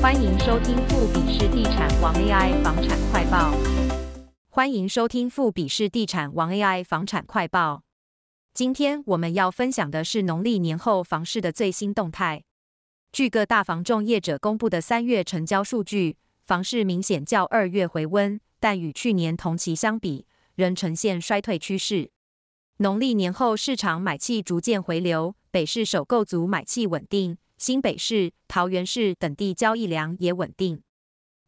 歡迎收聽富比士地產王 AI 房產快報。歡迎收聽富比士地產王 AI 房產快報。今天我們要分享的是農曆年後房市的最新動態。據各大房仲業者公布的三月成交數據，房市明顯較二月回溫，但與去年同期相比，仍呈現衰退趨勢。農曆年後市場買氣逐漸回流，北市首購族買氣穩定。新北市、桃園市等地交易量也穩定，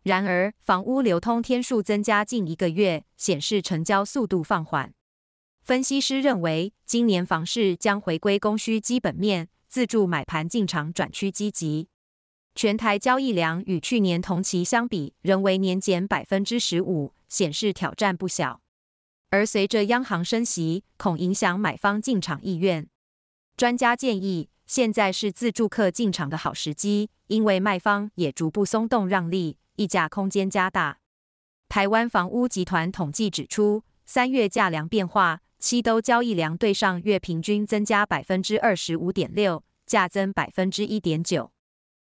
然而房屋流通天數增加近一個月，顯示成交速度放緩。分析師認為，今年房市將回歸供需基本面，自住買盤進場轉趨積極。全台交易量與去年同期相比，仍為年減百分之十五，顯示挑戰不小。而隨着央行升息，恐影響買方進場意願。專家建議，現在是自住客進場的好時機，因為賣方也逐步鬆動讓利，議價空間加大。台灣房屋集團統計指出，三月價量變化，七都交易量對上月平均增加百分之二十五點六，價增百分之一點九。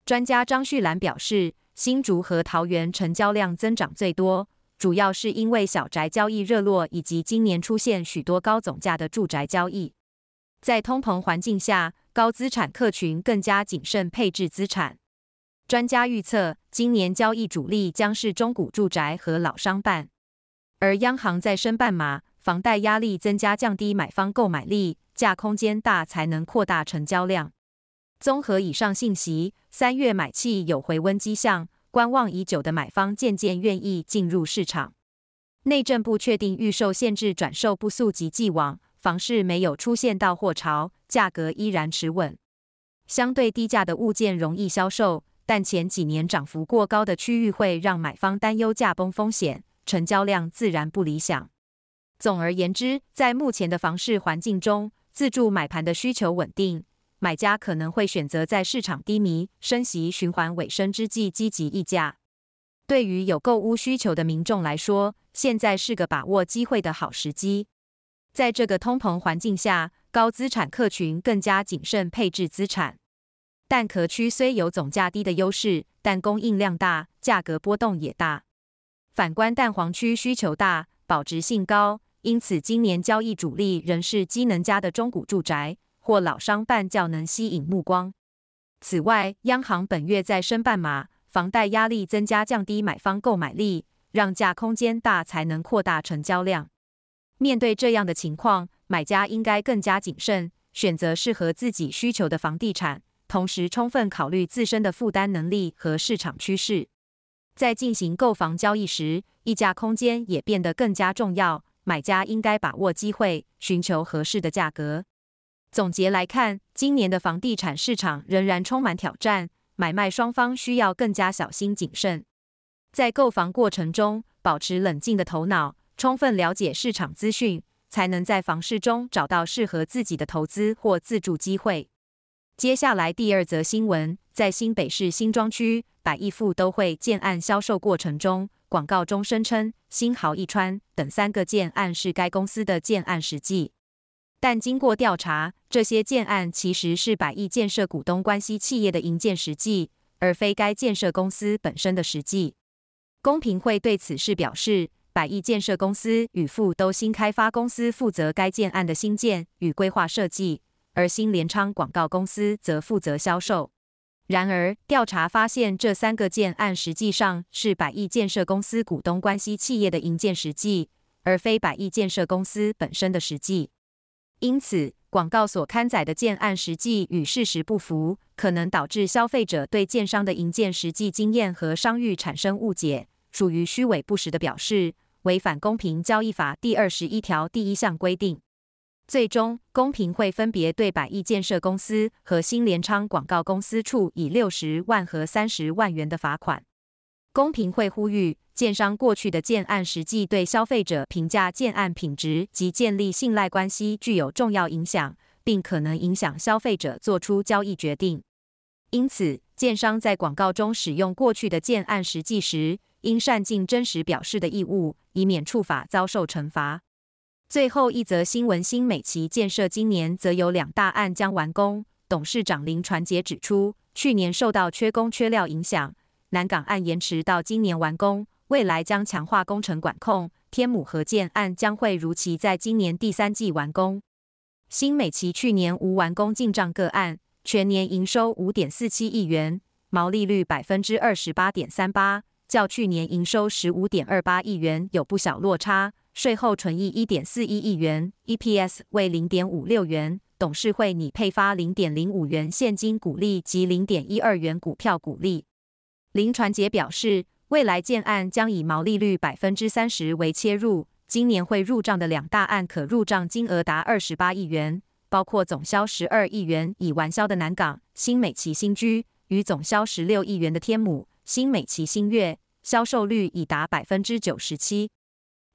專家張旭嵐表示，新竹和桃園成交量增長最多，主要是因為小宅交易熱絡，以及今年出現許多高總價的住宅交易。在通膨環境下，高資產客群更加謹慎配置資產，專家預測今年交易主力將是中古住宅和老商辦，而央行再升半碼，房貸壓力增加，降低買方購買力，價空間大才能擴大成交量。綜合以上信息，三月買氣有回溫跡象，觀望已久的買方漸漸願意進入市場。內政部確定預售限制轉售不溯及既往。房市沒有出現到貨潮，價格依然持穩。相對低價的物件容易銷售，但前幾年漲幅過高的區域會讓買方擔憂價崩風險，成交量自然不理想。總而言之，在目前的房市環境中，自住買盤的需求穩定，買家可能會選擇在市場低迷、升息循環尾聲之際積極議價。對於有購屋需求的民眾來說，現在是個把握機會的好時機。在這個通膨環境下，高資產客群更加謹慎配置資產。蛋殼區雖有總價低的優勢，但供應量大，價格波動也大。反觀蛋黃區需求大，保值性高，因此今年交易主力仍是機能佳的中古住宅或老商辦較能吸引目光。此外，央行本月再升半碼，房貸壓力增加，降低買方購買力，讓價空間大，才能擴大成交量。面對這樣的情況，買家應該更加謹慎，選擇適合自己需求的房地產，同時充分考慮自身的負擔能力和市場趨勢。在進行購房交易時，議價空間也變得更加重要。買家應該把握機會，尋求合適的價格。總結來看，今年的房地產市場仍然充滿挑戰，買賣雙方需要更加小心謹慎，在購房過程中保持冷靜的頭腦。充分了解市場資訊，才能在房市中找到適合自己的投資或自住機會。接下來第二則新聞，在新北市新莊區百億富都薈建案銷售過程中，廣告中聲稱新豪、一川等三個建案是該公司的建案實績，但經過調查，這些建案其實是百億建設股東關係企業的營建實績，而非該建設公司本身的實績。公平會對此事表示，百億建設公司與富都新開發公司負責該建案的新建與規劃設計，而新聯昌廣告公司則負責銷售。然而，調查發現這三個建案實際上是百億建設公司股東關係企業的營建實際，而非百億建設公司本身的實際。因此，廣告所刊載的建案實際與事實不符，可能導致消費者對建商的營建實際經驗和商譽產生誤解，屬於虛偽不實的表示。違反公平交易法第二十一條第一項規定，最終公平會分別對百億建設公司和新聯昌廣告公司處以六十萬和三十萬元的罰款。公平會呼籲，建商過去的建案實績對消費者評價建案品質及建立信賴關係具有重要影響，並可能影響消費者做出交易決定。因此，建商在廣告中使用過去的建案實績時，應善盡真實表示的義務，以免觸法遭受懲罰。最後一則新聞：新美齊建設今年則有兩大案將完工。董事長林傳杰指出，去年受到缺工缺料影響，南港案延遲到今年完工。未來將強化工程管控。天母合建案將會如期在今年第三季完工。新美齊去年無完工進賬個案，全年營收五點四七億元，毛利率百分之二十八點三八。較去年營收十五點二八億元有不小落差，稅後純益一點四一億元，EPS 為零點五六元。董事會擬配發零點零五元現金股利及零點一二元股票股利。林傳杰表示，未來建案將以毛利率百分之三十為切入，今年會入賬的兩大案可入賬金額達二十八億元，包括總銷十二億元已完銷的南港新美齊新居，與總銷十六億元的天母新美齊新月。銷售率已達百分之九十七。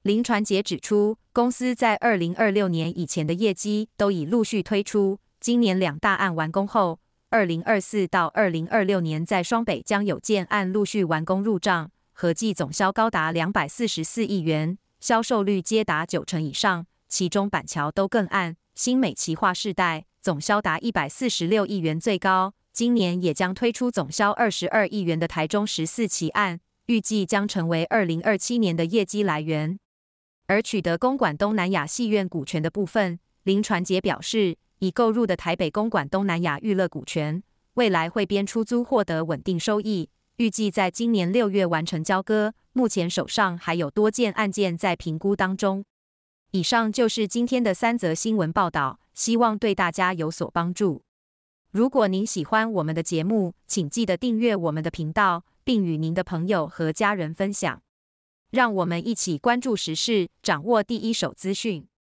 林傳杰指出，公司在二零二六年以前的業績都已陸續推出。今年兩大案完工後，二零二四到二零二六年在雙北將有建案陸續完工入賬，合計總銷高達兩百四十四億元，銷售率皆達九成以上。其中板橋都更案，新美齊畫世代總銷達一百四十六億元，最高。今年也將推出總銷二十二億元的台中十四期案。預計將成為二零二七年的業績來源，而取得公館東南亞戲院股權的部分，林傳傑表示，已購入的台北公館東南亞娛樂股權，未來會編出租獲得穩定收益，預計在今年六月完成交割。目前手上還有多件案件在評估當中。以上就是今天的三則新聞報道，希望對大家有所幫助。如果您喜歡我們的節目，請記得訂閱我們的頻道。並與您的朋友和家人分享，讓我們一起關注時事，掌握第一手資訊。